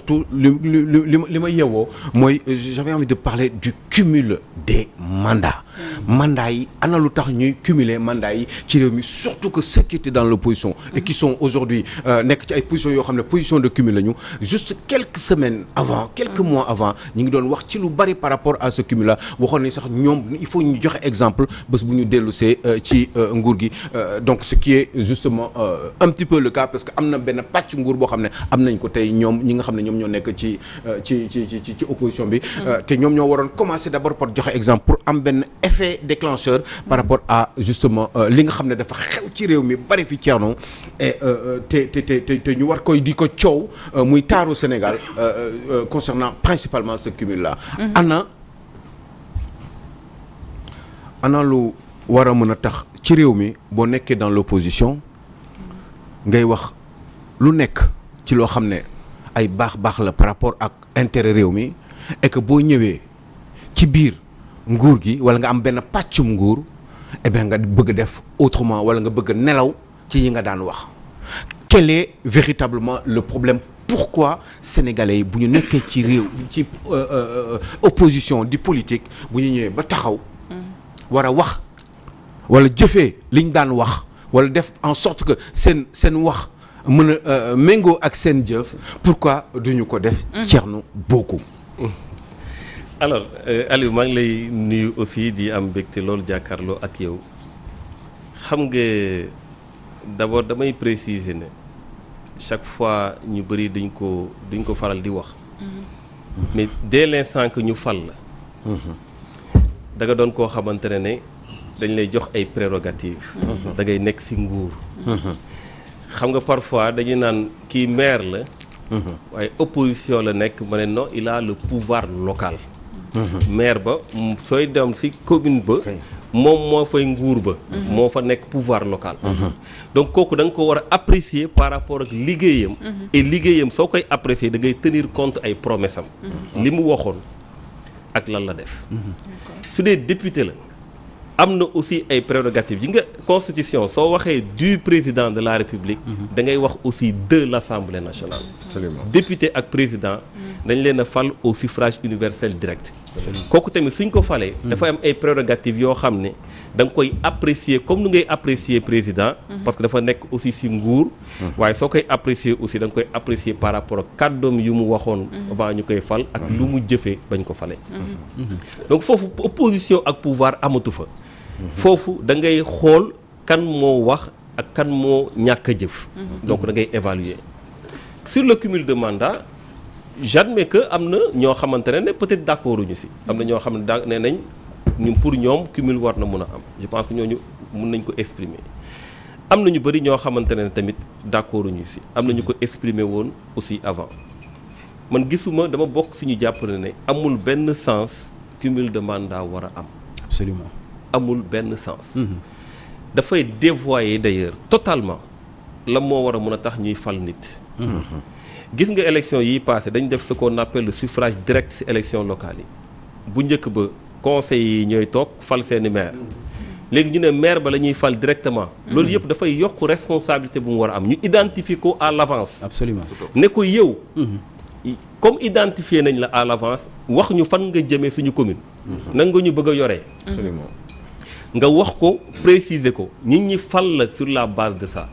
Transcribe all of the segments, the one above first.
surtout li li ma li ma yewoo mooy euh, j'avais envie de parler du cumul des mandats mm. mandats yi ana lu tax ñuy cumuler mandats yi ci réew mi surtout que ceux qui étaient dans l'opposition et mm. qui sont aujourd'hui euh, nekk ci ay positions yoo xam ne position de cumul lañu juste quelques semaines avant quelques mm. mois avant ñu ngi doon wax ci lu bari par rapport à ce cumul là waxoon nañ sax ñoom il faut ñu joxe exemple bés bu ñu dellu see euh, ci nguur gi donc ce qui est justement un petit peu que am na benn pàcc nguur boo xam ne am nañ ko ñoom ñoo nekk euh, ci ci ci ci ci opposition bi. Euh, te ñoom ñoo waroon commencer d'abord par joxe exemple pour am benn effet déclencheur. par rapport a justement euh, li nga xam ne dafa xew ci réew mi bari fi Thierno et te te te ñu war koy di ko coow muy taaru Sénégal concernant principalement ce cumul là. Mhm. ana ana lu war a mën a tax ci réew mi boo nekkee dans l'opposition ngay wax lu nekk ci loo xam ne ay baax baax la par rapport ak intérêt réew mi et que boo ñëwee ci biir nguur gi wala nga am benn pàccum nguur eh nga bëgg def autrement wala nga bëgg nelaw ci yi nga daan wax quel véritablement le problème pourquoi sénégalais yi bu ñu nekkee ci réew ci euh, euh, euh, opposition di politique bu ñu ñëwee ba taxaw war a wax wala jëfee ñu daan wax wala def en sorte que seen seen wax mën a euh, méngoo ak seen jëf pourquoi duñu ko def mhm. Thierno Bocoum alors euh, Aliou lay nuyu aussi di am mbégte loolu jàkkaarloo ak yow xam nga d'abord damay préciser ne chaque fois ñu bëri duñ ko duñ ko faral di wax mhm. mais dès l'instant que ñu fal la mhm. danga doon koo xamante ne ne dañ lay jox ay prérogatives da nekk ci nguur xam nga parfois dañuy naan kii maire la. waaye opposition la nekk ma ne no il a le pouvoir local. maire ba sooy dem ci commune ba. moom moo fay nguur ba. moo fa nekk pouvoir local. donc kooku da nga ko war a apprécier par rapport ak liggéeyam. et liggéeyam soo koy apprécier da ngay tenir compte ay promesse am. li mu waxoon ak lan la def. su dee député la. am na aussi ay prérogatives yi nga constitution soo waxee du président de la république mhm. da ngay wax aussi de l'assemblée nationale Absolument. député ak président mhm. dañ leen a fal aussi suffrage universel direct kooku tamit suñ ko falee mhm. dafa am ay prérogatives yoo xam ne danga koy apprécier comme nu ngay apprécier président parce que dafa nekk aussi si nguur waaye soo koy apprécier aussi da nga koy apprécier par rapport ak kàddoom yu mu waxoon avant ñu koy fal ak lu mu jëfee bañ ko falee donc foofu opposition ak pouvoir amatu fa foofu da ngay xool kan moo wax ak kan moo ñàkk jëf mhm. donc da ngay évaluer sur le cumul de mandat j'admets que am na ñoo xamante ne peut-être d'accord ñu si am na ñoo xam ne daa nee nañ ñun pour ñoom cumul war na mun a am je pense que ñooñu mun nañ ko exprimer am na ñu bëri ñoo xamante ne tamit d'accord ñu si am na ñu ko exprimer woon aussi avant man gisuma dama bokk si ñu jàpp ne amul benn sens cumul de war a am absolument amul benn sens mhm. dafay dévoyer d'ailleurs totalement la moo war a mën a tax ñuy fal nit mhm. gis nga élection yi passé dañu def ce qu'on appelle le suffrage direct ci élection locale yi bu njëkk ba conseil yi ñooy toog fal seeni maire mhm. léegi ñu ne maire ba la ñuy fal directement loolu yëpp dafay yokk responsabilité bu mu war a am ñu identifier ko à l'avance absolument ne ko yow comme identifier nañ la à l'avance wax ñu fan nga jëmee suñu commune nan nga ñu bëgg a yoree nga wax ko préciser ko nit ñi fal la sur la base de ça.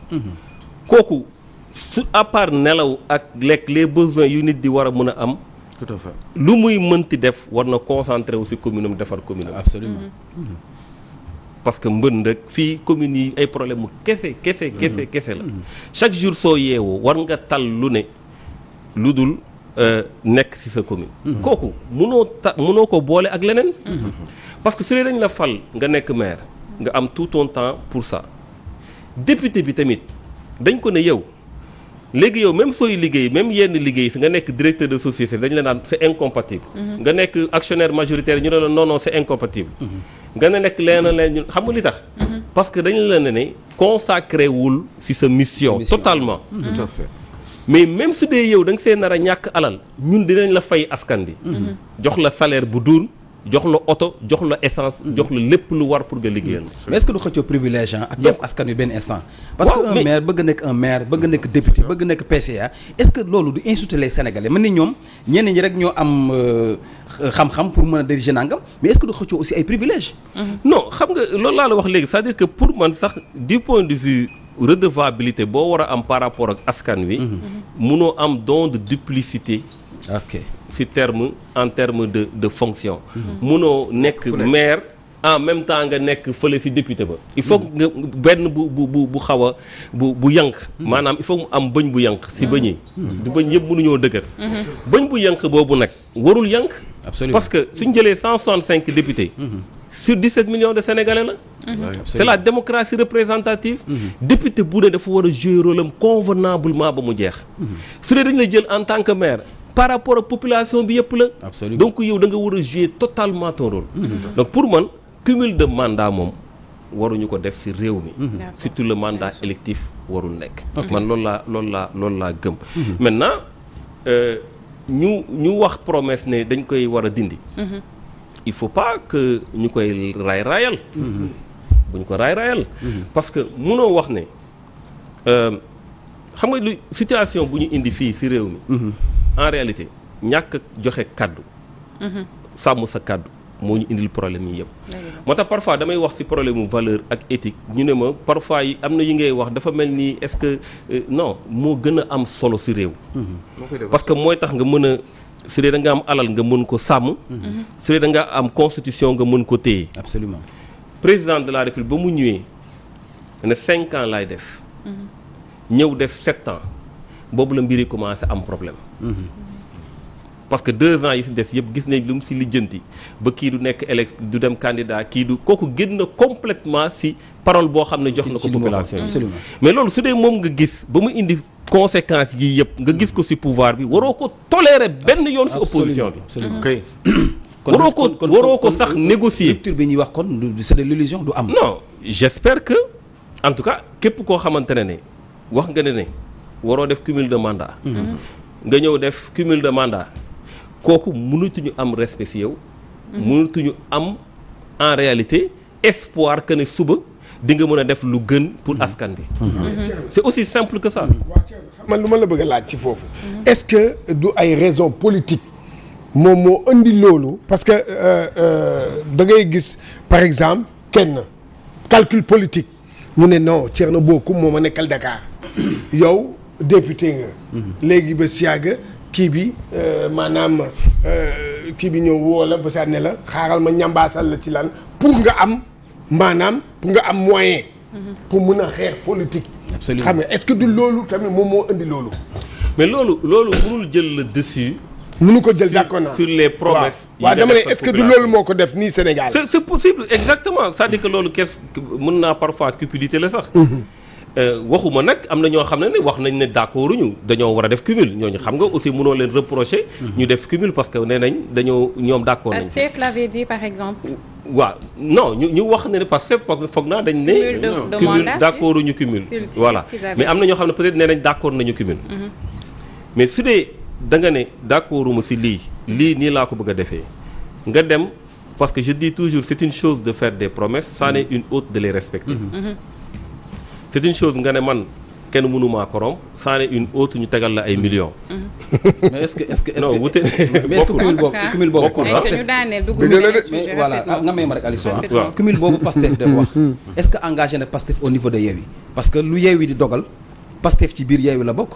kooku su à part nelaw ak lekk les besoins yu nit di war a mën a am. tout à fait lu muy mënti def war na concentrer aussi commune am defar commune am. absolument. Mm-hmm. parce que mbën rek fii communes yi ay problème kese kese kese mm-hmm. kese la. Mm-hmm. chaque jour soo yeewoo war nga tal lu ne lu dul. Euh, nekk ci sa commune. Mhm. kooku mënoo ta mënoo ko boole ak leneen. Mhm. parce que su dee dañ la fal nga nekk maire. nga am tout ton temps pour ça. député bi tamit dañ ko ne yow léegi yow même sooy liggéey même yenn liggéey si nga nekk directeur de société dañ la naan c'est incompatible. Mhm. nga nekk actionnaire majoritaire ñu ne la non non c'est incompatible. nga ne nekk leneen leneen xam nga li tax. parce que dañ la ne ne consacré wul ci sa mission. totalement tout à fait. mais même su dee yow da nga see nar ñàkk alal ñun dinañ la fay askan bi mm-hmm. Mm-hmm. jox la salaire bu duun jox la oto jox la essence mm-hmm. jox la lépp lu war pour nga liggéeyal mais est-ce que du xëccoo privilège ak yokk askan wi benn instant parce que un maire bëgg nekk un maire bëgg nekk député bëgg nekk PCA est-ce loolu du insulter les sénégalais mën ni ñoom ñenn ñi rek ñoo am euh, xam-xam pour mën a diriger nangam mais est-ce que du xëccoo aussi ay privilège non xam nga wax léegi cest que pour man sax du de vue redevabilité boo war a am par rapport ak askan wi. Mhm. munoo am don de duplicité. ok si terme en terme de de fonction. Mhm. munoo nekk maire. en même temps nga nekk fële ci député ba il faut mhm. nga benn bu bu bu bu xaw a bu bu yanq maanaam il faut mu am bëñ bu yanq si bëñ yi du bëñ yëpp mënuñoo dëgër bëñ bu yanq boobu nag warul yanq absolument parce que suñ jëlee cinq députés sur 17 millions de sénégalais la. Mhm. c'est la démocratie représentative. Mhm. député bu ne dafa war a jouer rôle am convenablement ba mu jeex. Mhm. su dee dañu la jël en tant que maire. par rapport a population bi yëpp la. donc yow da nga war a jouer totalement ton rôle. donc pour man cumul de mandat moom waruñu ko def ci réew mi. surtout le mandat électif warul nekk. man loolu laa loolu laa loolu laa gëm. maintenant euh, ñu ñu wax promesse ne dañ koy war a dindi. il faut pas que ñu koy raay raayal. Mm-hmm. bu ñu ko raay raayal. Mm-hmm. parce que munoo wax ne euh, xam nga lu situation bu ñu indi fii si réew mi. Mm-hmm. en réalité ñàkk joxe kàddu. sàmm sa kàddu moo ñu indil problème yi yëpp. moo tax parfois damay wax ci problème mu valeur ak éthique ñu ne ma parfois yi am na yi ngay wax dafa mel ni est-ce que euh, non moo gën a am solo si réew. parce mooy tax nga mën su dee da nga am alal nga mën ko sàmm. Mhm. su dee da nga am constitution nga mën ko téye. absolument président de la république ba mu ñëwee ne cinq ans laay def. Mhm. ñëw def sept ans boobu la mbir yi commencé am problème. Mhm. parce que deux ans yi si des yëpp gis nañ lu mu si lijjanti ba kii du nekk élect du dem candidat kii du kooku génn na complètement si parole boo xam ne jox na ko population yi mais loolu su dee moom nga gis ba mu indi conséquences yi yëpp nga gis ko si pouvoir bi waroo ko tolérer benn yoon si opposition bi waroo ko waroo ko sax négocier rupture bi ñuy wax kon c'est de l'illusion du am na non j'espère que en tout cas képp koo xamante ne ne wax nga ne ne waroo def cumul de mandat mm-hmm. nga ñëw def cumul de mandat kooku ñu am respect ci yow. Mhm. mënatuñu am en réalité espoir que ne suba di nga mën a def lu gën pour mhm. askan bi. Mhm. c'est aussi simple que ça. man lu ma la bëgg laaj ci foofu. est-ce que du ay raisons politique moom moo indi loolu. parce que euh, euh, da ngay gis par exemple kenn calcul politique mu ne non na Bocoum moo ma nekkal Dakar yow député nga. léegi ba Siaga. kii bi euh, maanaam euh, kii bi ñëw woo la ba saa ne la xaaral ma ñambaasal la ci lan pour nga am maanaam pour nga am moyen. pour mun a xeex politique. absolument xam nga est-ce que du loolu tamit moom moo indi loolu. mais loolu loolu mënul jël la dessus. mënu ko jël d'accord naa sur les promesses. yi waaw dama ne est que du loolu moo ko def nii Sénégal. c'est c'est possible exactement cest à loolu kees mën naa parfois cupidité la sax. Mm-hmm. Euh, waxuma nag am na ñoo xam ne ne wax nañ ne d'accord ñu dañoo war a def cumul ñooñu xam nga aussi mënoo leen reprocher. Mhm. ñu def cumul parce que nee nañ dañoo ñoom d'accord nañ. Pastef l'avait dit par exemple. waaw non ñu ñu wax ne parce que foog naa dañ ne. cumul d'accord ñu cumul. voilà mais am na ñoo xam ne peut-être nee nañ d'accord nañu cumul. Mhm. mais su dee da nga ne d'accorduma si lii lii nii laa ko bëgg defee nga dem parce que je dis toujours c'est chose de faire des promesses ça mhm. n'est une autre de les respecter. c'est une chose nga ne man kenn mënu maa corrompre saa ne une autre ñu tegal la ay millions. Mm-hmm. mais est-ce que est-ce boobu cumul boobu. bokkul wax. Mm-hmm. est-ce que engagé au niveau de Yewwi parce que lu Yewwi di dogal Pastef ci biir Yewwi la bokk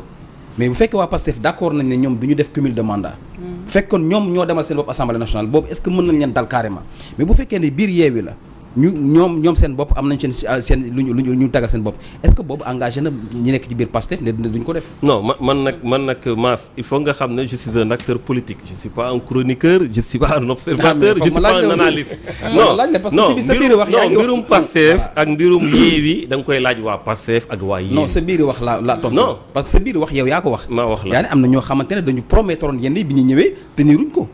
mais bu fekkee waa Pastef d'accord nañ ne ñoom du ñu def cumul de mandat. Mm-hmm. fekkoon ñoom ñoo demal seen bopp assemblée nationale boobu est mën nañ dal carrément mais bu fekkee ne biir Yewwi la. ñu ñoom ñoom seen bopp am nañ seen ah, seen lu ñu lu ñu taggal seen bopp est-ce que engagé na ñi nekk ci biir Pastef ne duñ ko def. non man man nag man nag Mass il faut nga xam ne je suis un acteur politique je suis pas un chroniqueur je pas un observateur ah, je pas un analyste. Ah, non non ak mbirum Yewwi da koy laaj waa Pastef ak waa Yewwi. sa biir wax la la tontu. parce que sa biir wax yow yaa ko wax. maa wax la yaa ne am na ñoo xamante ne dañu promettoon bi ñu ñëwee ko.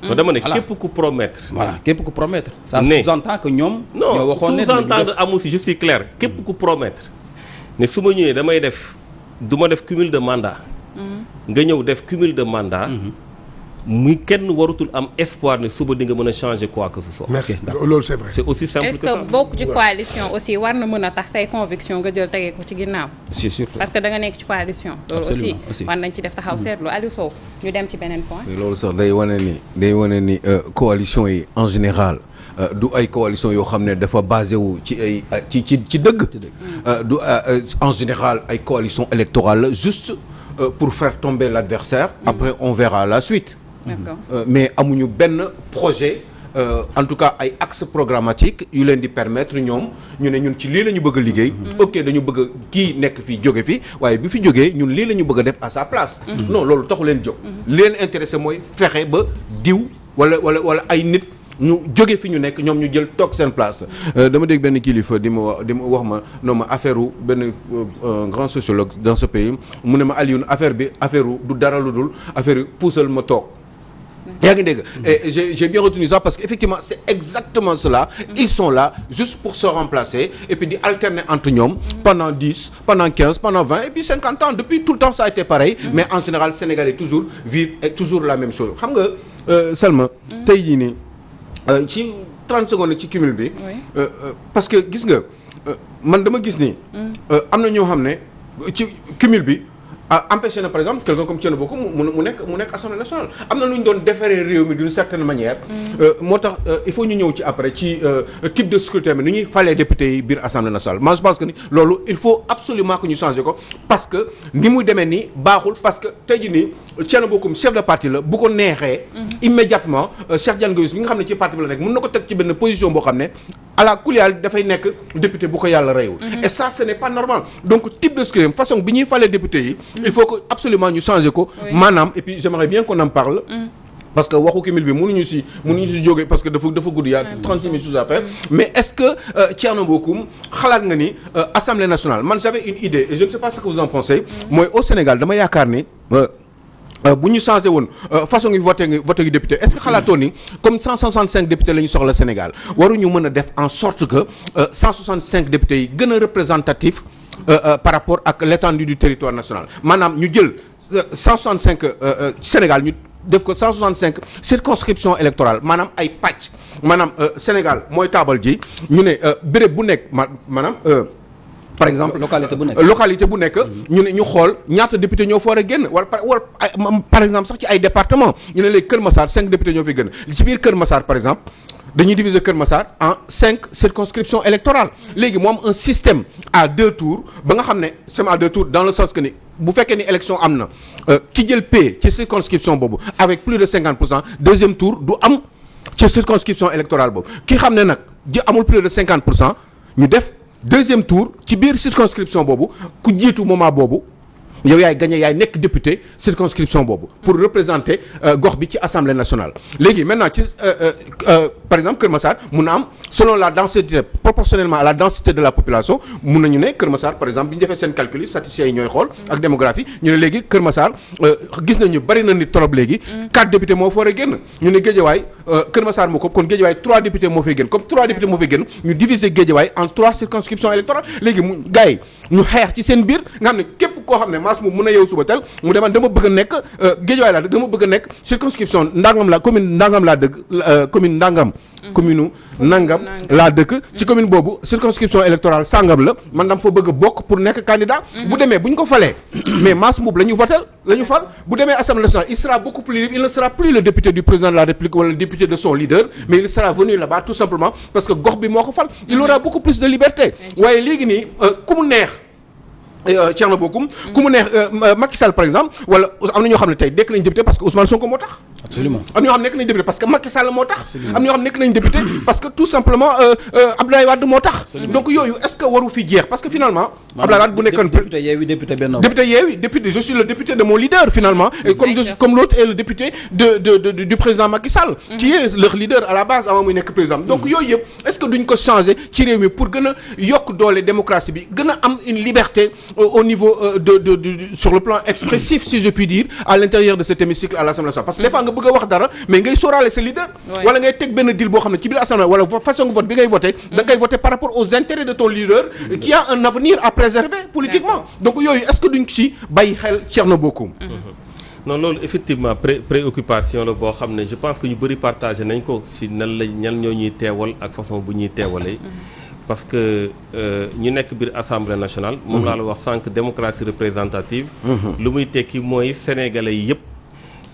to dama ne képp ku promettre. voilà képp ku promettre. ça sous-entend que ñoom. ñoo waxoon ne non sous-entend amu si je suis képp ku promettre. ne su ma ñëwee damay def du ma def cumul de mandat. Mm-hmm. nga ñëw def cumul de mandat. Mm-hmm. muy kenn waratul am espoir ne suba di nga mën a changer quoi que ce soit. merci aussi simple que ça est-ce que bokk ci coalition aussi war na mën a tax say conviction nga jël tege ko ci ginnaaw. c'est sûr parce que da nga nekk ci coalition. loolu aussi war nañ ci def taxaw seetlu Aliou Sow dem ci beneen point. loolu sax day wane ni day wane ni euh, coalition yi en général. Euh, du ay coalition yoo xam ne dafa basé wu ci ay ci ci ci dëgg. Euh, du en général ay coalition électorale la juste pour faire tomber l'adversaire mm. après on verra la suite. Euh, mais amuñu benn projet Euh, en tout cas ay axe programmatique yu leen di permettre ñoom ñu ne ñun ci lii la ñu bëgg a liggéey mhm. ok dañu bëgg kii nekk fii jóge fi waaye bi fi jógee ñun lii la ñu bëgg a def à sa place mhm. non loolu taxu leen jóg mhm. leen intéressé mooy fexe ba diw wala wala wala ay nit ñu jóge fi ñu nekk ñoom ñu jël toog seen place euh, dama dégg benn kilifa di ma wax di ma wax ma non ma affaire u benn euh, grand sociologue dans ce pays mu ne ma Alioune affaire bi affaire du dara lu dul affaire yi puusal ma toog yaa ngi dégg j'ai j'ai bien retenu ça parce que effectivement c'est exactement cela ils sont là juste pour se remplacer et puis di alterner entre ñoom pendant 10 pendant 15 pendant 20 et puis 50 ans depuis tout le temps ça a été pareil mm. mais en général Sénégalais toujours vivent toujours la même chose xam nga euh, Salma mm. tey jii nii euh, ci 30 secondes ci cumul bi euh, parce que gis nga man dama gis ni mm. am na ñoo xam ne ci cumul bi empêché na par exemple quelqu'un comme Thierno Bocoum mu mu nekk mu nekk assemblée nationale am na lu ñu doon defaree réew mi d'une certaine manière. Mm. Euh, moo tax euh, il faut ñu ñëw ci après ci euh, type de scrutin bi ni ñuy falee député yi biir assemblée nationale. moi je pense que ni loolu il faut absolument que ñu changé ko parce que ni mu demee ni baaxul parce que tey jii nii Thierno Bocoum chef de parti la bu ko neexee. Mm-hmm. immédiatement Cheikh Diagne Gaye bi nga xam ne ci parti bi la nekk ko teg ci benn position boo xam ne. ala kulial dafay nekk député bu ko yàlla reyul mhm. et ça ce n'est pas normal donc type de scrim façon bi ñuy falee député yi mhm. il faut que absolument ñu changer ko maanaam et puis j'aimerais bien qu'on en parle mhm. parce que waxu kimil bi mënuñu si mënuñu si jóge parce que dafa gudd yaa trente six mille choses à faire mais est-ce que euh, Thierno Bocoum xalaat nga ni euh, assemblée nationale man j'avais une idée je ne sais pas ce que vous en pensez mooy au Sénégal dama Euh, bu ñu changé woon euh, façon ngi voté ngi voté ngi député est-ce que xalaatoon ni comme 165 députés la ñu soxla Sénégal waruñu mën a def en sorte que 165 euh, députés yi gën a représentatif par rapport ak l'étendue du territoire national maanaam ñu jël 165 Sénégal ñu def ko 165 circonscription électorale maanaam ay pàcc maanaam Sénégal mooy taabal ji ñu ne béréb bu nekk maanaam par exemple localité bu nekk localité nekk ñu ne ñu xool ñaata député ñoo foore génn wala wala par exemple sax ci ay département ñu ne léegi Kër Massar cinq députés ñoo fi gën ci biir Kër Massar par exemple dañuy diviser Kër Massar en cinq circonscriptions électorales léegi moom un système à deux tours ba nga xam ne système à deux tours dans le sens que ni bu fekkee ni élection am na euh, ki jël P ci circonscription boobu avec plus de cinquante pour cent deuxième tour du am ci circonscription électorale boobu ki xam ne nag ji amul plus de cinquante cent ñu def deuxième tour ci biir circonscription boobu ku jiitu moment boobu yow yaay gagné yaay nekk député circonscription boobu. pour mm. représenter euh, gox bi ci assemblée nationale. léegi maintenant ci euh, euh, par exemple Kër Massar mun na am selon la densité proportionnellement à la densité de la population mun nañu ne Kër Massar par exemple bi ñu defee seen calcul yi yi ñooy xool ak mm. démographie ñu ne léegi Kër Massar gis nañu bari na nit trop léegi. 4 mm. députés moo fa a génn. ñu ne Géejawaay Kër Massar moo ko kon Géejawaay 3 ñu xeex ci seen biir nga xam ne képp koo xam ne maas moom mun a yow suba tel mu deman dama bëgg a nekk euh, géejuwaay laa dëgg dama bëgg a nekk circonscription ndangam laa commune ndangam laa dëgg euh, commune ndangam Mm-hmm. commune nangam laa dëkk ci mm-hmm. commune boobu circonscription électorale sangam la man dama fa bëgg bokk pour nekk candidat mm-hmm. bu demee bu ko falee mais Mass Mboup la ñu votel la fal bu demee assemblée nationale il sera beaucoup plus libre il ne sera plus le député du président de la république wala député de son leader mais il sera venu là tout simplement parce que gox bi moo ko fal il aura beaucoup plus de liberté waaye léegi nii euh, ku mu neex eh, euh, Thierno euh, na ñoo xam ne tax absolument am parce que Macky Sall moo tax am euh, euh, donc yooyu est-ce que waru fi jeex parce que finalement Abdoulaye Wade bu nekkoon député député Benno député je suis le député de mon leader finalement comme l'autre est le député du président Macky mm-hmm. qui est leur leader à la base avant muy nekk président donc mm-hmm. yooyu est-ce que duñ ko changer ci réew pour gën a yokk doole démocratie bi gën am une liberté euh, au niveau sur le plan expressif si je bëgg a wax dara mais ngay sóoraale sa leader wala ngay teg benn deal boo xam ne ci biir assemblée wala façon vote bi ngay voté mm-hmm. da ngay par rapport aux intérêts de ton leader mm-hmm. a un avenir à préserver politiquement donc yooyu est-ce que duñ ci bàyyi xel Thierno Bocoum mm-hmm. non loolu effectivement pré préoccupation la boo xam ne je pense que ñu bëri partagé nañ ko si nan la ñan ñoo ñuy teewal ak façon bu ñuy teewalee parce que euh, ñu nekk biir assemblée nationale moom laa wax sànq démocratie représentative lu muy tekki mooy sénégalais yëpp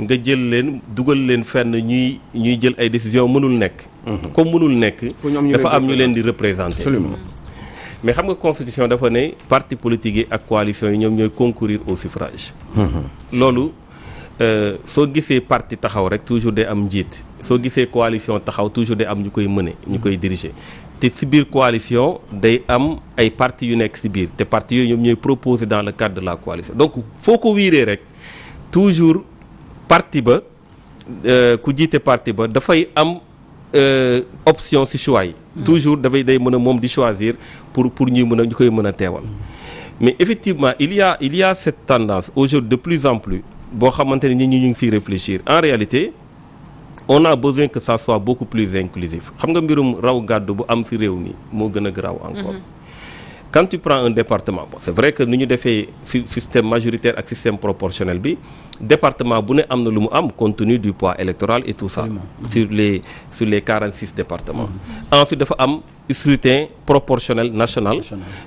nga jël leen dugal leen fenn ñuy ñuy jël ay décision mënul nekk mhm. comme mënul nekk dafa am ñu leen di représenter absolument mais xam nga constitution dafa ne parti politique yi ak coalition yi ñoom ñooy concourir au suffrage mhm. loolu euh, soo gisee parti taxaw rek toujours day am njiit soo gisee coalition taxaw toujours day am ñu koy mëne ñu koy diriger te si biir coalition day am ay parti yu nekk si biir te parti yooyu ñoom ñooy proposer dans le cadre de la coalition donc foo ko wiiree rek toujours parti ba euh, ku jiite parti ba dafay am euh, option ci choix yi. Hmm. toujours dafay day mën a moom di choisir pour pour ñuy mën a ñu koy mën a teewal. mais effectivement il y a il y a tendance aujourd'hui de plus en plus boo xamante ne ñi ñu ngi siy réfléchir en réalité on a besoin que ça soit beaucoup plus inclusif xam nga mbirum raw gàddu bu am ci réew mi moo gën a garaaw encore. Hmm. quand tu prends un département bon c'est vrai que nu ñu defee système majoritaire ak système proportionnel bi département bu ne am na lu mu am compte du poids électoral et tout ça sur les sur les 46 départements mmh. ensuite dafa am scrutin proportionnel national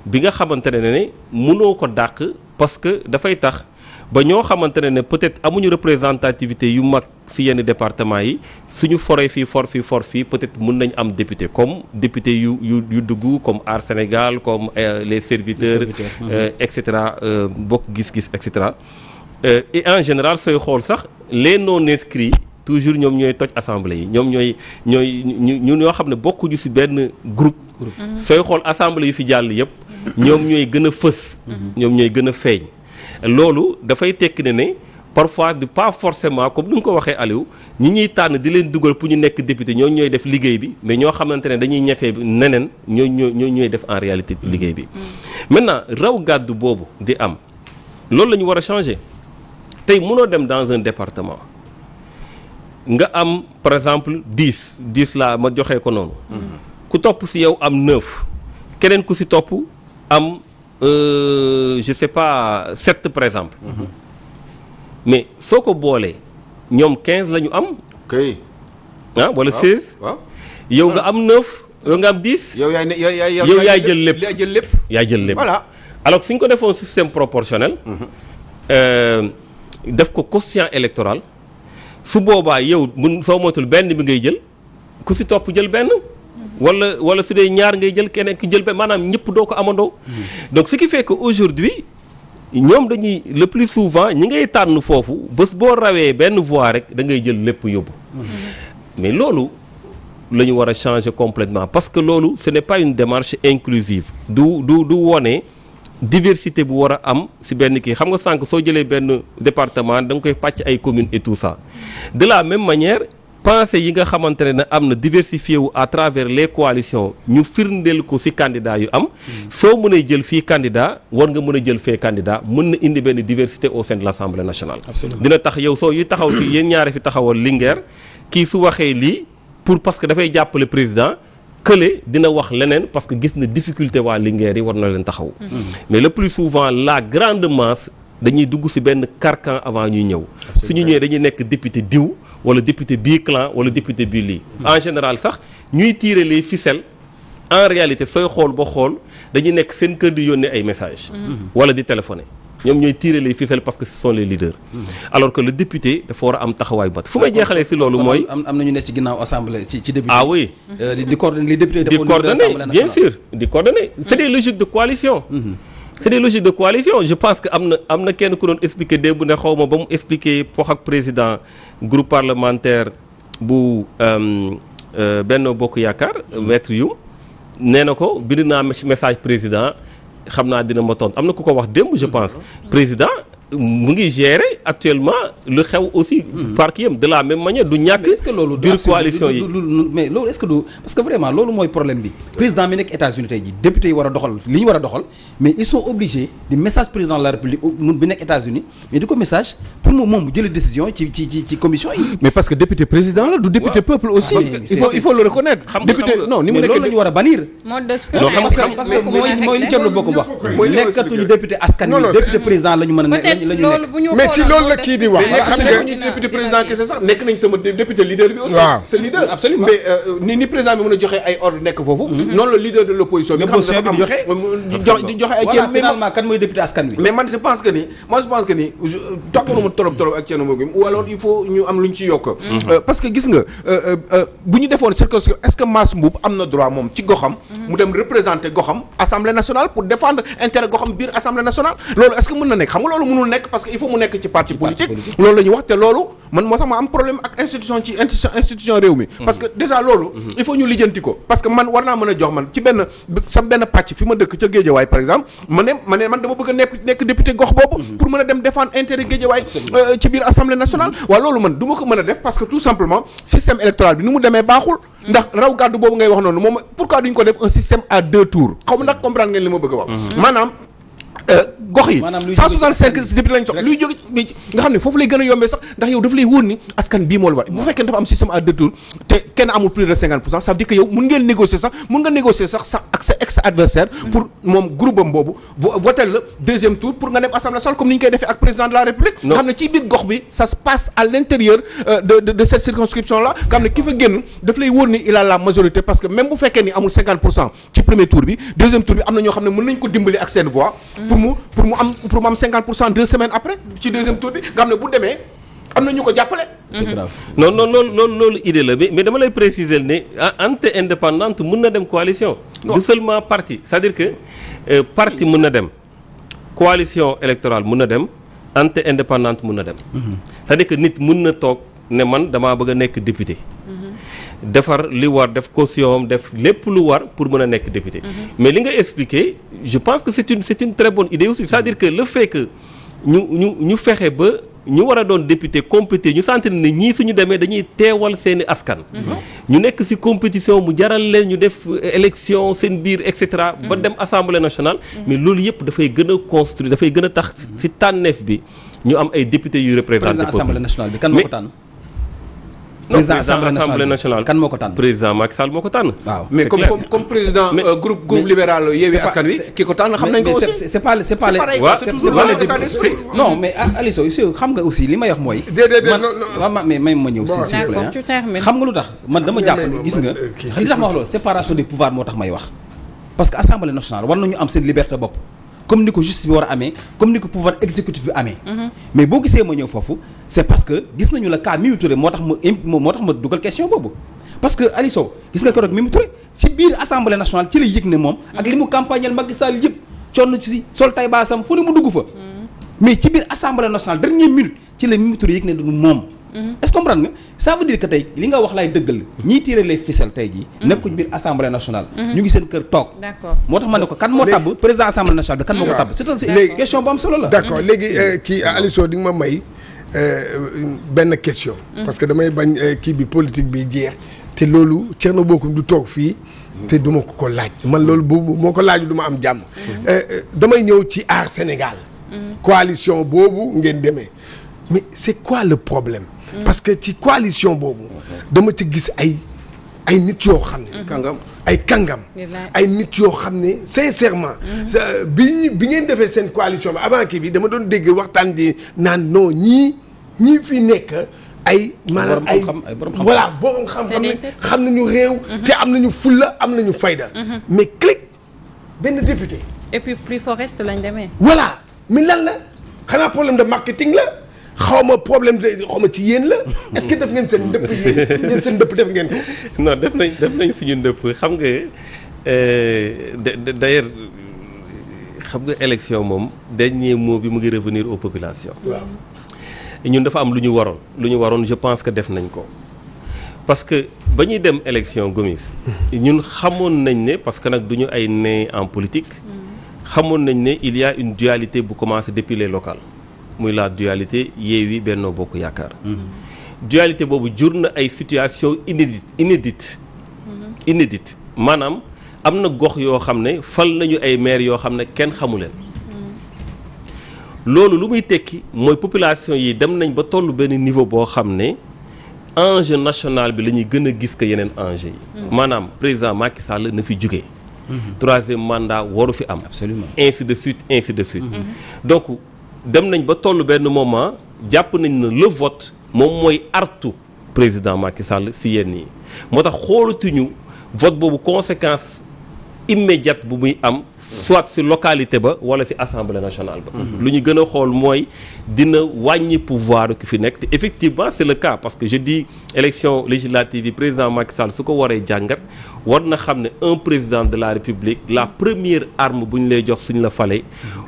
bi nga xamante ne ne mënoo ko dàq parce que dafay tax ba ñoo xamante ne ne peut-être amuñu représentativité yu mag fi yenn département yi suñu foree fii for fii for fii peut-être mun nañ am député comme député yu yu yu dugg comme Aar Sénégal comme euh, les serviteurs euh, mm-hmm. et cetera euh, bokk gis-gis et cetera et en général sooy xool sax les non inscrits toujours ñoom ñooy toj assemblée yi ñoom ñooy ñooy ñu ñoo xam ne bokkuñu ci benn groupe. Mm-hmm. sooy xool assemblée yu fi jàll yépp ñoom ñooy gën a fës. Mm-hmm. ñoom ñooy gën a feeñ. loolu dafay tekki ne ne parfois du pas forcément comme ni nga ko waxee Aliou ñi ñuy tànn di leen dugal pour ñu nekk député ñoo ñooy def liggéey bi mais ñoo xamante ne dañuy ñefee neneen ñoo ñoo ñoo ñooy def en réalité liggéey bi mm. maintenant raw gàddu boobu di am loolu lañu war a changer tey mënoo dem dans un département nga am par exemple 10 10 laa ma joxee ko noonu mm-hmm. ku topp si yow am 9 keneen ku si topp am euh, je sais pas sept par exemple. Mhm. mais soo ko boolee ñoom quinze la am. kay ah, wala seize. waaw yow nga am neuf yow nga am dix. yow yaay yaay jël lépp yaay jël lépp. yaay jël lépp voilà. alors suñ ko defoon système proportionnel. Mhm. Euh, def ko quotient électoral su boobaa yow mun soo moytul benn bi ngay jël ku si topp jël benn. wala wala su dee ñaar ngay jël keneen ki jël ba maanaam ñëpp doo ko amandoo. donc ce qui fait que aujourd'hui ñoom dañuy le plus souvent ñi ngay tànn foofu bés boo rawee benn voie rek da ngay jël lépp yóbbu. mais loolu la ñu war a changer complètement parce que loolu ce n'est pas démarché démarche inclusive du du du wone diversité bu war a am ci benn kii xam nga sànq soo jëlee benn département da nga koy pàcc ay communes et tout ça de la même manière. pensée yi nga xamante ne am na diversifié wu à travers les coalitions ñu firndeel ko ci candidat yu am soo mënee jël fii candidat war nga mën a jël fee candidat mën na indi benn diversité au sein de l'Assemblée nationale dina tax yow soo yi taxaw ci yéen ñaare fi taxawal Linguère kii su waxee lii pour parce que dafay jàppale président kële dina wax leneen parce que gis na difficulté waa Linguère yi war na leen taxaw mm-hmm. mais le plus souvent la grande masse dañuy dugg ci benn carcan avant ñuy ñëw suñu ñëwee dañuy nekk député diw wala député bii clan wala député bii lii en général sax ñuy tirer les ficelles en réalité sooy xool ba xool dañuy nekk seen kër di yónnee ay messages mm-hmm. wala di téléphoner ñoom ñooy tirer les ficelles parce que ce sont les leaders mm-hmm. alors que le député dafa war a am taxawaay bat fu may jeexalee si loolu mooy am na nañu nekk ci ginnaaw assemblée ci ci député ah oui euh, di coordonner bien sûr di coordonner c'est des logiques de coalition mm-hmm. c'est des logiques de coalition je pense que am na am na kenn ku doon expliquer bu ne xaw ma ba mu expliquer wax ak président groupe parlementaire bu euh, euh, Benno Bokk Yaakaar maître Youm nee na ko bind naa message président xam naa dina ma tontu am na ku ko wax démb je pense mm-hmm. président mu ngi gérer actuellement lu xew aussi. Mhm. parti yam de la même manière du ñàkk. est loolu biir coalition parce que vraiment loolu mooy problème bi président bi nekk États-Unis tey jii député yi war a doxal li ñu war a doxal mais ils sont obligés di message président la République bi nekk États-Unis mais di ko message pour moom moom mu jëlee décision ci ci ci ci commission yi. mais parce que député président la du député peuple aussi. Ah, il faut il reconnaître. xam lañ lañu nekk mais ci loolu la kii di wax. xam nga ñu député président kese sax nekk nañ sama député leader bi aussi. sa leader. absolument mais euh, ni président bi mën joxe ay ordre nekk foofu. Mm-hmm. Mm-hmm. noonu la leader de l' opposition bi. opposition bi di joxe man je pense que ni moi je pense que ni takkuwuma euh, trop trop ak ou alors il faut ñu am lu ñu ci yokk. Mm-hmm. Euh, parce que gis nga bu ñu defoon circonscription est ce Mass Mboup am na droit moom ci goxam. mu dem représenter goxam assemblée mënul nekk parce que il faut mu nekk ci parti politique loolu la wax te loolu man moo tax ma am problème ak institution ci institution réew mi mhm. parce que déjà loolu mhm. il faut ñu lijjanti ko parce que man war mën a jox man ci benn sa benn pàcc fi ma dëkk ca Géejawaay par exemple ma ne ma ne man dama bëgg nekk nekk député gox boobu mhm. pour mën a dem défendre intérêt Géejawaay euh, ci biir assemblée nationale waaw loolu man du ko mën a def parce que tout simplement Euh, gox yi luy jóge nga xam ne foofu lay gën a yombee sax ndax yow daf lay wóor ni askan bii moo la war bu fekkee dafa am système à deux tours te kenn amul plus de pour cent dire que yow mun ngeen négocier sax mun nga négocier sax ak sa ex adversaire mm. pour moom groupe am boobu votel la deuxième tour pour nga dem assemblée nationale comme ni ñu koy defee ak président de la république nga xam ne ci biir gox bi ça passe à l'intérieur euh, de de cette circonscription pour mu pour mu am pour mu am 50 pour cent après ci deuxième tour bi nga xam ne bu demee am na ñu ko jàppale. noonu mhm. grave non non loolu loolu loolu la mais dama lay préciser ne ah, ante indépendante mun na dem coalition. du seulement parti cest à que euh, parti mën na dem coalition électorale mën na dem ante indépendante mun na dem. Mhm. c'est-à-dire que nit mun na toog ne man dama bëgg a nekk député. defar li war def caution am def lépp lu war pour mën a nekk député. Mhm. mais li nga expliquer je pense que c'est une c'est une très bonne idée aussi mhm. c'est-à-dire que le fait ñu ñu ñu fexe ba. ñu war a doon député compété ñu sentir ne ñii suñu demee dañuy teewal seeni askan. Mhm. ñu nekk ci compétition mu jaral leen ñu def euh, élection seen biir et cetera. ba dem assemblée nationale. mais loolu yëpp dafay gën a construire dafay gën a tax ci tànneef bi ñu am ay député yu représenté. président assemblée nationale bi président assemblée nationale kan moo ko tànn. président Macky Sall moo ko tànn. waaw mais comme comme président euh, groupe groupe libéral Yewwi Askan Wi. ki ko tànn xam nañ ko aussi c'est pas c'est pas non mais ah, Aliou Sow xam nga aussi li may wax mooy. déedéet man mais may ma ñëw s'il vous plaît ah. xam nga lu tax man dama jàpp gis nga li tax ma wax loolu séparation des pouvoirs moo tax may wax parce que assemblée nationale war nañu am seen liberté bopp comme ni ko justice bi war a amee comme ni ko pouvoir exécutif bi amee. Mm-hmm. mais boo gisee ma ñëw foofu c' est parce que gis nañu la cas Mimi Touré moo tax ma moo tax ma dugal question boobu. parce que Ali gis nga keroog Mimi Touré ci biir assemblée nationale ci la yëg ne moom. ak li mu mm-hmm. campagnal Macky Sall yëpp conn ci sol tay fu ne mu dugg fa. Mm-hmm. mais ci biir assemblée nationale dernière minute ci la Mimi Touré yëg ne du moom. Mm-hmm. est-ce que comprendre nga ça veut dire que tey li nga wax laay dëggal ñiy tirer les ficelles tey jii mm-hmm. nekkuñ biir assemblée national mm-hmm. ñu ngi seen kër toog d'accord moo tax ma ne ko kan moo tàbb président assemblée nationale bi kan moo ko tàbb c'est question bu euh, euh, nga ma may euh, benn question parce que damay bañ kii bi politique bi jeex te loolu Thierno Bocoum du toog fii te duma ko ko laaj man loolu bu moo ko laaj ma am jàmm damay ñëw ci Aar Sénégal coalition boobu ngeen demee mais c'est quoi le problème Mm-hmm. parce que ci coalition boobu mm-hmm. dama ci gis ay ay nit yoo xam ne mm-hmm. kàngam ay kàngam ay nit yoo xam ne sincèrement bi bi ngeen defee seen coalition bi avant kii bi dama doon dégg waxtaan bi naan non ñii ñii fi nekk ay maanaam ay voilà borom xam-xam ne xam nañu réew te am nañu fulla am nañu fayda mais clic benn député et puis plus forest voilà mais lan la xanaa problème de marketing la xaw ma problème de xaw ma ci yéen la. est-ce que def ngeen seen ndëpp yéen seen ndëpp def ngeen ko. non def nañ def nañ suñu ndëpp xam nga euh, d'ailleurs xam nga élection moom dernier moo bi mu ngi revenir aux population ñun dafa am lu ñu waroon lu ñu waroon je pense que def nañ ko. parce que ba ñuy dem élection Gomis ñun xamoon nañ ne parce que nag du ñu ay ne en politique. Mm. xamoon nañ ne il une dualité bu commencé depuis les muy la dualité Yewwi Benno Bokk Yaakaar mhm. dualité boobu jur na ay situation inédite inédite mhm. inédite maanaam am na gox yoo xam ne fal nañu ay maire yoo xam ne kenn xamu leen mhm. loolu lu muy tekki mooy population yi dem nañ ba toll benn niveau boo xam ne enjeu national bi la ñuy gën a gis que yeneen enjeu yi maanaam président Macky Sall na fi jugee troisième mandat waru fi am absolument ainsi de suite ainsi de suite dem nañ ba toll benn moment jàpp nañ na le vote moom mooy artu président Macky Sall si yenn yi moo tax xoolatuñu vote boobu conséquence immédiate bu muy am soit si localité ba wala si assemblée nationale ba mhm. lu ñu gën a xool mooy dina wàññi pouvoir ki fi nekk te effectivement c'est le cas parce que je dis élection législative yi président Macky Sall su ko waree jàngat war na xam ne un président de la République la première arme bu ñu lay jox suñ la fale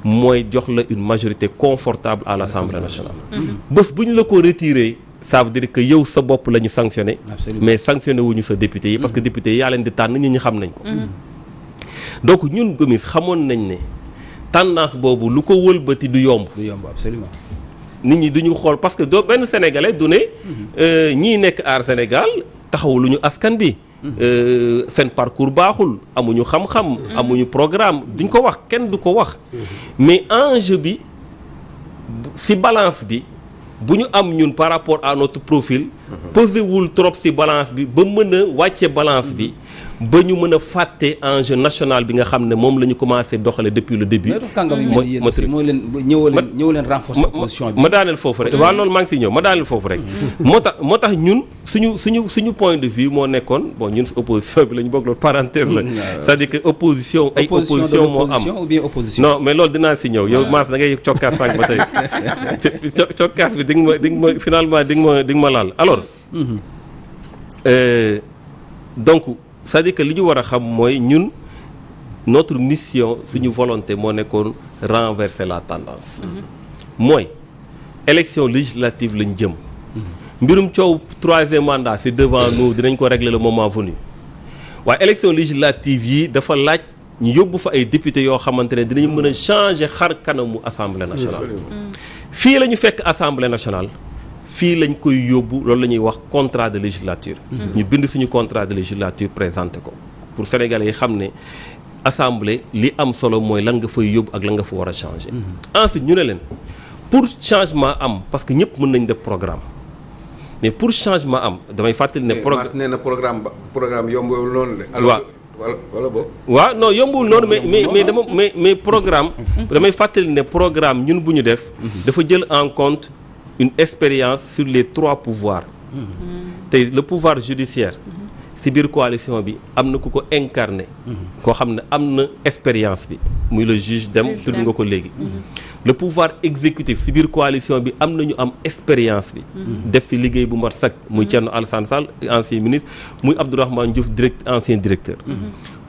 mooy jox la une majorité confortable à l'Assemblée nationale mmh. Mmh. bés bu ñu la ko retirer ça veut dire que yow sa bopp la ñu sanctionné mais sanctionné wuñu sa député yi parce que mmh. député yi tànn ñi ñu xam nañ ko donc ñun Gomis xamoon nañ ne tendance boobu lu ko wëlbati du yomb. du yomb absolument. nit ñi duñu xool parce que doo benn sénégalais du ne. Mhm. Euh, ñii nekk aar Sénégal ñu askan bi. Mhm. Euh, seen parcours baaxul amuñu xam-xam. Mhm. amuñu programme duñ ko wax kenn du ko wax. mais enjeu bi ci balance bi bu ñu am ñun par rapport à notre profil. posé wul trop ci balance bi ba mën a wàcce balance bi. ba ñu mën a fàtte enjeu national bi nga xam ne moom la ñu commencé doxale depuis le début. mooy mooy mooy leen ñëw leen ñëw leen renforcer position bi. ma daaneel foofu rek waaw loolu maa ngi siy ñëw ma daaneel foofu rek. moo tax moo tax ñun suñu suñu point de vue moo nekkoon bon ñun opposition bi la ñu bokk loolu parenthèse la. cest à que opposition. ay opposition moo am opposition ou bien opposition. non mais loolu dinaa si ñëw yow Mass da ngay cokkaas sànq ba tey cokkaas bi di nga ma di nga ma laal alors. Mm-hmm. Euh, donc. c'est-à-dire que li ñu war a xam mooy ñun notre mission suñu volonté moo nekkoon renverser la tendance. Mhm. mooy élection législative lañ jëm. Mhm. mbirum coow troisième mandat c'est devant nous dinañ ko régler le moment venu waaye élection législative yi dafa laaj ñu yóbbu fa ay député yoo xamante ne dinañ mën a changer xar kanamu assemblée nationale. fii lañu fekk assemble nationale. fii lañ koy yóbbu loolu la ñuy wax contrat de législature mhm. ñu bind suñu contrat de législature présenté ko pour sénégalais yi xam ne assemblée li am solo mooy lan nga fay yóbbu ak lan nga fa war a changer mhm. ensuite ñu ne leen pour changement am parce que ñëpp mën nañ def programme mais pour changement am damay fàttali ne eh, nee na programme ba programme yombul noonu de waaw wala boobu waaw non yombul noonu mais mais mais dama mais mais programme mhm. damay fàttali ne programme ñun bu ñu def dafa jël en compte une expérience sur les trois pouvoirs mm-hmm. tey le pouvoir judiciaire mm-hmm. si biir coalition bi am na ku ko incarné mm-hmm. koo xam ne am na expérience bi muy le juge dem tudd nga ko léegi le pouvoir exécutif si biir coalition bi am na ñu am expérience bi def si liggéey bu mat sag muy Thierno Alassane Sall ancien ministre muy Abdourahmane Diouf direct ancien directeur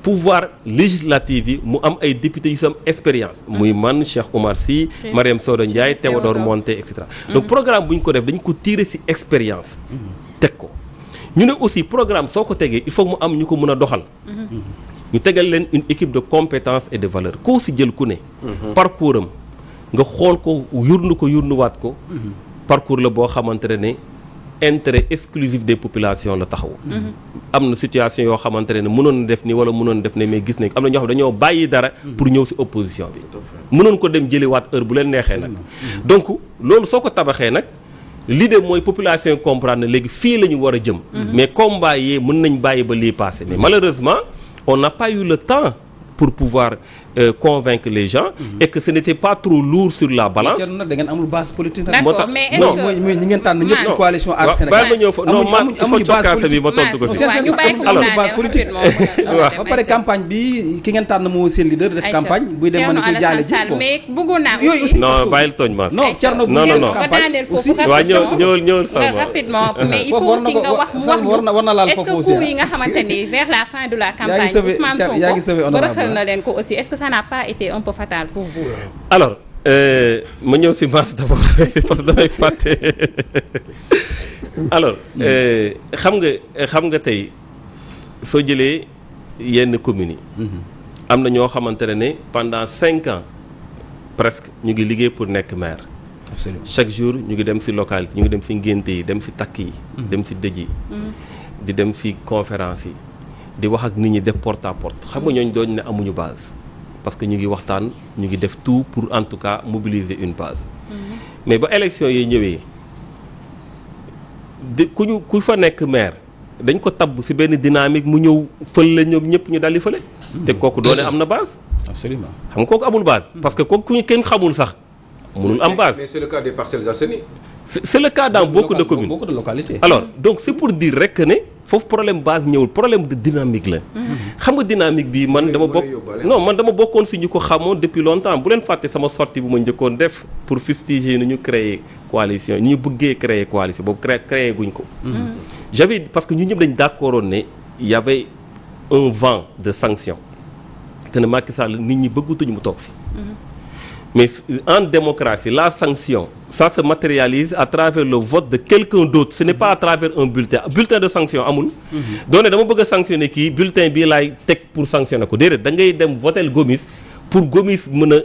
pouvoir législatif yi mu am ay députés yu sam expérience mm-hmm. muy man Cheikh Oumar Sy Mariam Soda Ndiaye Théodore Monté et cetera mm-hmm. donc programme bu ñu ko def dañ ko tirer ci expérience mm-hmm. teg ko ñu ne aussi programme soo ko tegee il faut mu am ñu ko mën a doxal ñu tegal leen une équipe de compétence et de valeur koo ci jël ku ne parcours am nga xool ko yurndu ko yurnduwaat ko parcours la boo xamante ne intérêt exclusif de population la taxaw am na situation yoo xamante ne mënoon def ni wala mënoon def ne mais gis nañ am na ñoo xam dañoo bàyyi dara pour ñëw si opposition bi mënoon ko dem jëliwaat heure bu leen neexee nag donc loolu soo ko tabaxee nag de mooy population comprendre ne léegi fii la ñu war a jëm mais combat yee mën nañ bàyyi ba lii passé mais malheureusement on n'a pas eu le temps pour pouvoir euh, convaincre les gens. Mhm. et que ce n'était pas trop lourd sur la balance. mais nag da ngeen amul base politique nag. moo tax non mooy mooy ñi ngeen tànn ñëpp coalition Aar Sénégal. amuñu amuñu amuñu base politique non man il faut ko fi. amuñu base politique waaw ba pare campagne bi ki ngeen tànn moo seen leader def campagne. buy dem mën a koy jaale ji ko mais bëggoon naa yooyu aussi non bàyyil tooñ ma non Thierno bu ngeen campagne aussi waaw ñëw ñëwal ñëwal Salma rapidement mais il faut aussi nga wax mu wax war na war na laal foofu aussi est-ce que coup ah. yi nga xamante ni vers la fin de la campagne Ousmane Sonko rëxal na leen ko aussi est-ce que ça n'a pas été un peu fatal pour vous. alors euh, ma ñëw si mars d'abord parce que damay fàtte alors hmm. euh, xam nga xam nga tey soo jëlee yenn communes yi. Hmm. am na ñoo xamante ne ne pendant cinq ans presque ñu ngi liggéey pour nekk maire. chaque jour ñu ngi dem si localité ñu ngi dem si ngénte yi dem si takk yi. Hmm. dem si dëj yi. di dem si conférence yi di wax ak nit ñi def porte à porte xam nga ñooñ dooñu ne amuñu baas parce que ñu ngi waxtaan ñu ngi def tout pour en tout cas mobiliser une base. mais ba élection yi ñëwee di ku ñu ku fa nekk maire dañ ko tabb ci benn dynamique mu ñëw fël la ñoom ñëpp ñu daldi fële. te kooku doone am na base. absolument xam nga kooku amul base. parce que kooku ñu kenn xamul sax. mënul am base mais c'est boo cas des Parcelles Assainies. c'est le de communes beaucoup alors donc c'est pour dire rek ne. foofu problème base ñëwul problème de dynamique la. xam nga dynamique bi man dama bokk non man dama bokkoon si ñu ko xamoon depuis longtemps bu leen fàtte sama sortie bu ma njëkkoon def pour fustiger nu ñu créer coalition ñu bëggee créer coalition boobu créé créé guñ ko. Mm-hmm. j'avais parce que ñu ñëpp dañ d'accordoon ne y avait un vent de sanction te ne Macky Sall nit ñi bëggatuñu mu toog fii Mais en démocratie, la sanction, sa se matérialise à travers le vote de quelqu'un d'autre. Ce n'est pas à travers un bulletin. Bulletin de sanction amul. Mhm. donc dama bëgg a ne kii bulletin bi laay teg pour sanctionner ko déedéet da ngay dem votel Gomis pour Gomis mën a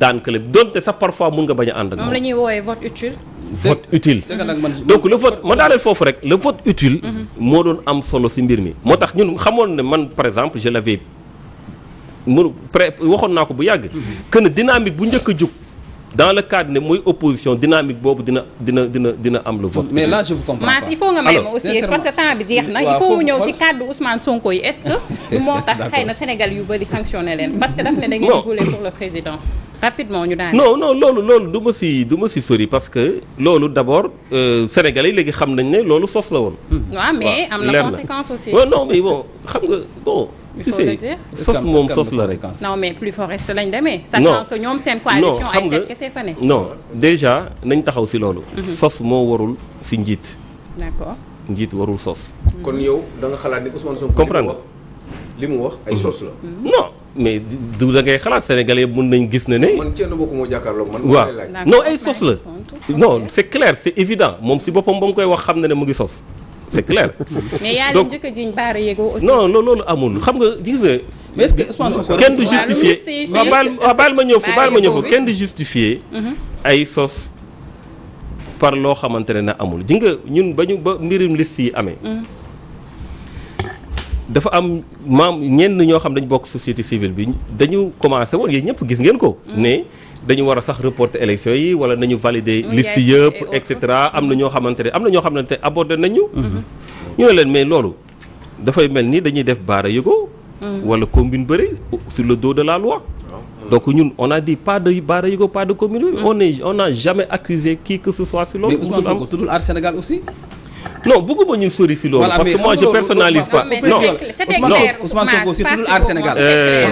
daan kële donte sa parfois mun nga bañ a ànd ak man la ñuy woowee vote utile. vote utile donc le vote ma daaneel foofu rek le vote utile. Mhm. moo doon am solo ci mbir mi. moo tax ñun xamoon ne man par exemple je l'avais mënu pré waxoon naa ko bu yàgg mhm. que ne bu njëkk a jug dans le cadre ne mooy opposition dynamique boobu dina dina dina dina am le vote. mais là je vous comprends pas il faut nga may ma aussi parce que temps bi jeex na il faut ñëw si cadre Ousmane Sonko yi est moo tax xëy na Sénégal yu bëri sanctionné leen parce que daf ne da ngeen pour le président rapidement ñu daan non non loolu loolu du ma si du ma si sori parce que loolu d'abord euh, sénégalais yi léegi xam nañ ne loolu sos la woon. waaw mais na il faut le dire sos moom sos la rek. non mais plus forest lañ demee. sachant que ñoom seen coalition ay déjà nañ taxaw si loolu. Mhm. sos moo warul si njiit. d'accord njiit warul sos. Mhm. kon yow da nga xalaat ni Ousmane Sonko. comprendre li mu wax ay mhm. sos la. non mais da ngay xalaat sénégalais mën nañ gis ne ne. man cee bokk moo jàkkaarloog man. waaw non ay sos la. non c'est clair c'est évident moom si boppam ba mu koy wax xam na ne mu ngi sos. c'est clair. mais yaa leen njëkk a jiñ baara loolu amul xam nga gis nga. mais est-ce que Ousmane Sonko kenn du justifier waaw baal baal ma ñëw fa baal ma ñëw fa kenn du justifier. Mhm. ay sos par loo xamante ne amul ji nga ñun ba ñu ba mbirum liste yi ame mhm. dafa am maam ñenn ñoo xam dañu bokk société civile bi dañu commencé woon yéen ñëpp gis ngeen ko. Mhm. ne. dañu war a sax reporter élection yi wala nañu valider list yëpp et cetera am na ñoo xamante ne am na ñoo xamante ne aborder nañu mm-hmm. ñu ne leen mais loolu dafay mel ni dañuy def baara yëgoo mm-hmm. wala combine bëri sur le dos de la loi donc ñun on a dit pas de baara yëgoo pas de combine bëri mm-hmm. on est on n'a jamais accusé qui que ce soit si loolu musul am tuddul Aar Sénégal aussi non bëgguma ñu sori si loolu. parce que moi je personnalise pas. non Ousmane Sonko aussi tuddul Aar Sénégal. Euh,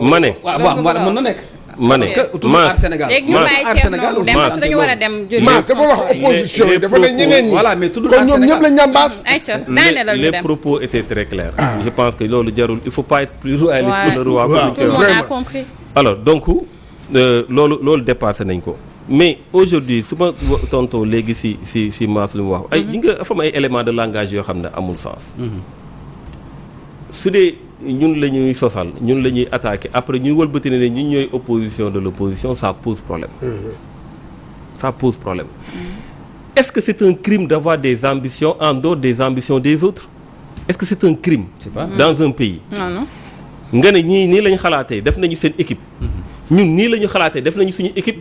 ma ne. waaw mën na nekk. ma ne maas léegi ñu bàyyi Thierno dem parce que dañu war a dem. maas dafa wax opposition dafa ne ñeneen ñi. kon ñoom ñëpp la lu dem les propos étaient très clairs. Ah. je pense que loolu jarul il faut pas être plus royaliste que le alors donc euh, loolu loolu dépassé nañ ko. mais aujourd'hui su ma tontoo léegi si si si maas lu mu wax. ay ñi mm-hmm. nga dafa ay éléments de langage yoo xam ne amul sens. Mm-hmm. su dee ñun la ñuy sosal ñun la ñuy attaqué après ñuy wëlbati ne ñun ñooy opposition de l' opposition ça pose problème. Mm-hmm. ça pose problème. Mm-hmm. est ce que c' un crime d' avoir des ambitions en dehors des ambitions des autres est ce que c' est un crime. dans un pays. nga ne ñii nii la ñu xalaatee def nañu seen équipe. Mm-hmm. ñun nii la ñu xalaatee def nañu suñu équipe.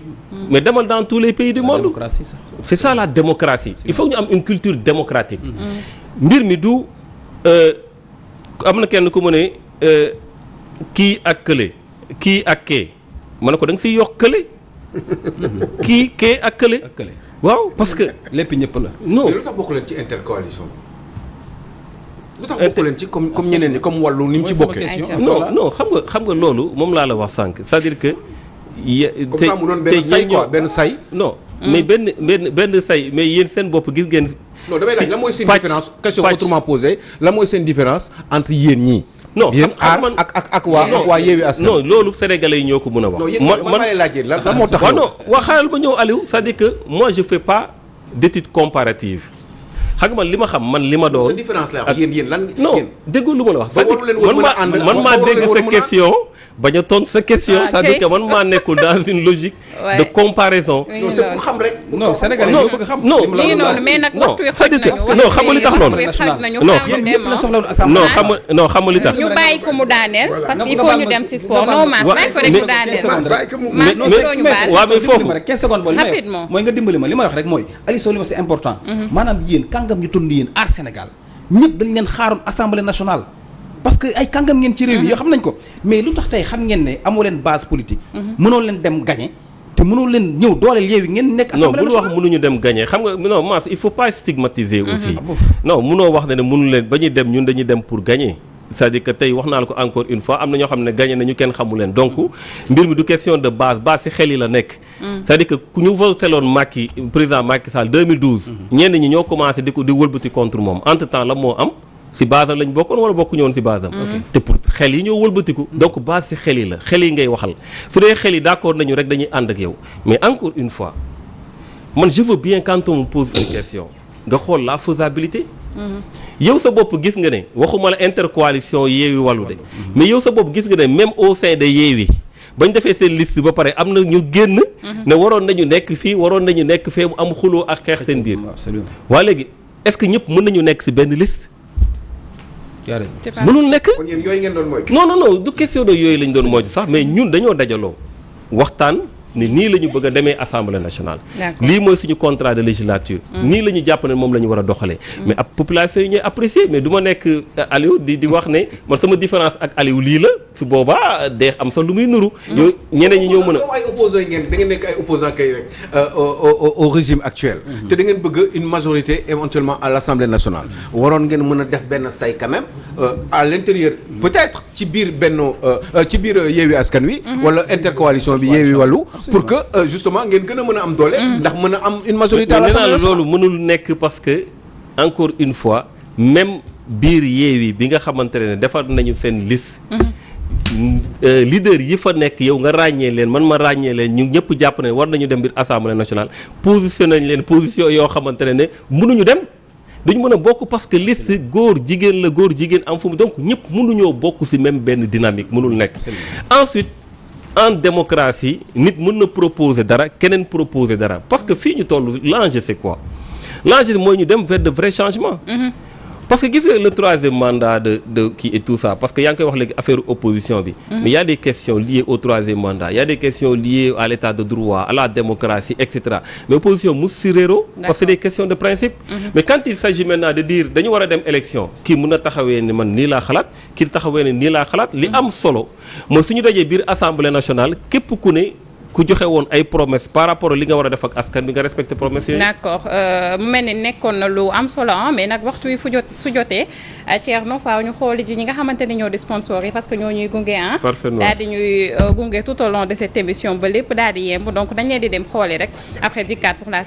mais demal dans tous les pays du monde. c' est la démocratie. il faut ñu am une culture démocratique. mbir mi euh, am na kenn ku mu ne euh, kii ak kële kii ak kee ma ne ko da nga siy yokk kële kii kee ak kële waaw parce que lépp ñëpp la non lu tax bokk leen ci intercoalition lu tax bokk leen ci comme comme ñeneen ñi comme wàllu ni mu ci bokkee non non xam nga xam nga loolu moom laa la wax sànq c'est-à-dire que comme ça mu doon benn say quoi benn say non Hmm. mais benn benn benn say mais yéen seen bopp gis ngeen. non damay laaj lan mooy seen différence question autrement posée lan mooy seen différence entre yéen ñii. no xam xam man ak ak ak waa ak waa Yewwi loolu sénégalais yi ñoo ko mën a wax. man man laaj laajee lan ah. moo tax. non waa xaaral ma ñëw Aliou c'est-à-dire que moi je fais pas d'étude comparative xam nga man li ma xam man li ma doon. sa différence ak yéen yéen lan. non déggoo lu ma la wax. c'est-à-dire man maa dégg sa question. bañ ton sa question. ah c'est-à-dire que man maa nekkul dans une logique. de comparaison. non c'est pour xam rek. non Sénégalais ñoo bëgg xam. non non mais nag waxtu wi xaj nañu waxtu wi xaj nañu ah. nga ñu bàyyi ko mu daaneel. parce il faut ñu dem si sport non Mass bàyyi ko rek mu daaneel. Mass loolu ñu baal waaw mais foofu. mooy nga dimbali ma li ma wax rek mooy Aliou Sow li ma c'est important. Mhm. maanaam yéen kàngam ñu tund yéen aar Sénégal ñëpp dañ leen xaaroon assemblée nationale parce que ay kàngam ngeen ci réew mi yoo mm-hmm. xam nañ ko mais lu tax tey xam ngeen ne amoo leen base politique mm-hmm. mënoo leen dem gagné te mënoo leen ñëw dooleel yeewi ngeen nekk non bu ñu wax mënuñu dem gagné xam nga non maas il mm-hmm. ah, mënoo wax ne ne mënu leen ba ñuy dem ñun dañuy dem pour gagné cest à que tey wax naa la ko encore une fois am na ñoo xam ne gagné nañu kenn xamu leen donc mbir mi du question de base base ci xel yi la nekk mm. cest à que ku ñu voteloon Macky président Macky Sall 2012 ñenn commencé di ko di wëlbati contre moom entre si basam lañ bokkoon wala bokku ñëwoon si basam mm-hmm. te pour xel yi ñoo walbatiku donc base si xel yi la xel yi ngay waxal su dee xel yi d'accord nañu rek dañuy ànd ak yow mais encore une fois man je veux bien quand on me pose une nga xool la faisabilité mm-hmm. yow sa bopp gis nga ne waxuma la intercoalition yeewi wàllu de mm-hmm. mais yow sa bopp gis nga ne même au sein de yeewi bañ defee seen liste ba pare am na ñu génn ne waroon nañu nekk fii waroon nañu nekk fee mu am xuloo ak xeex seen biir waa léegi est-ce que ñëpp mën nañu nekk si benn liste jaaree mënul nekk. kon yéen yooyu ngeen doon moytu. non non non du question yooyu lañ doon moytu sax mais ñun dañoo dajaloo waxtaan. ni nii la ñu bëgg a demee assemblée nationale lii mooy suñu contrat de législature nii la ñu jàpp ne moom la ñu war a doxalee mais ab population yi ñooy apprécier mais du ma nekk Aliou di di wax ne man sama différence ak Aliou lii la su boobaa dee am sax lu muy nuru yow ñeneen ñi ñoo mën a ay opposant ngeen da ngeen nekk ay opposant kay rek au régime actuel te da ngeen bëgg une majorité éventuellement à l'assemblée nationale waroon ngeen mën a def benn say quand même à l'intérieur ci biir benn ci biir yeewi askan wi wala intercoalition bi yeewi wàllu pour que euh, justement ngeen gën a mën a am doole. Mm. ndax mën a am une majorité à l'Assemblée nationale loolu mënul nekk parce que encore une fois même biir Yewwi bi nga xamante ne defar nañu seen liste. Mm-hmm. Euh, leader yi fa nekk yow nga ràññee leen man ma ràññee leen ñu ñëpp jàpp ne war nañu dem biir assemblée national position nañ leen position yoo xamante ne ne mënuñu dem duñu mën a bokk parce que liste góor jigéen la góor jigéen am fu mu donc ñëpp mënuñoo bokk ci même benn dynamique mënul nekk ensuite en démocratie nit mën na proposer dara keneen proposer dara parce que fii ñu toll l'enjeu c'est quoi l'enjeu mooy ñu dem vers de vrais changements. Mm parce que gis nga le troisième mandat de de kii et tout ça parce que yaa ngi koy wax léegi affaire opposition bi. Mhm. mais y a des questions liées au troisième mandat y a des questions liées à l'état de droit à la démocratie et cetera mais opposition mu si parce que des questions de principe. Mhm. mais quand il s'agit maintenant de dire dañu war a dem élection. kii mun a taxawee ne man nii laa xalaat kii taxawee ne nii laa xalaat. li am solo mooy suñu dajee biir assemblée nationale képp ku ne. ku joxe woon ay promesse par rapport li nga war a def ak askan bi nga respecté promesse yooyu. d' euh, mel ni nekkoon na lu am solo ah, mais nag waxtu wi fu jotee euh, Thierno faaw ñu xool ji ñi nga xamante ñoo di sponsor yi parce que ñoo ñuy gunge ah. parfaitement di ñuy euh, gunge tout au long de cette émission ba lépp daal di yemb donc dañ leen di dem xooli rek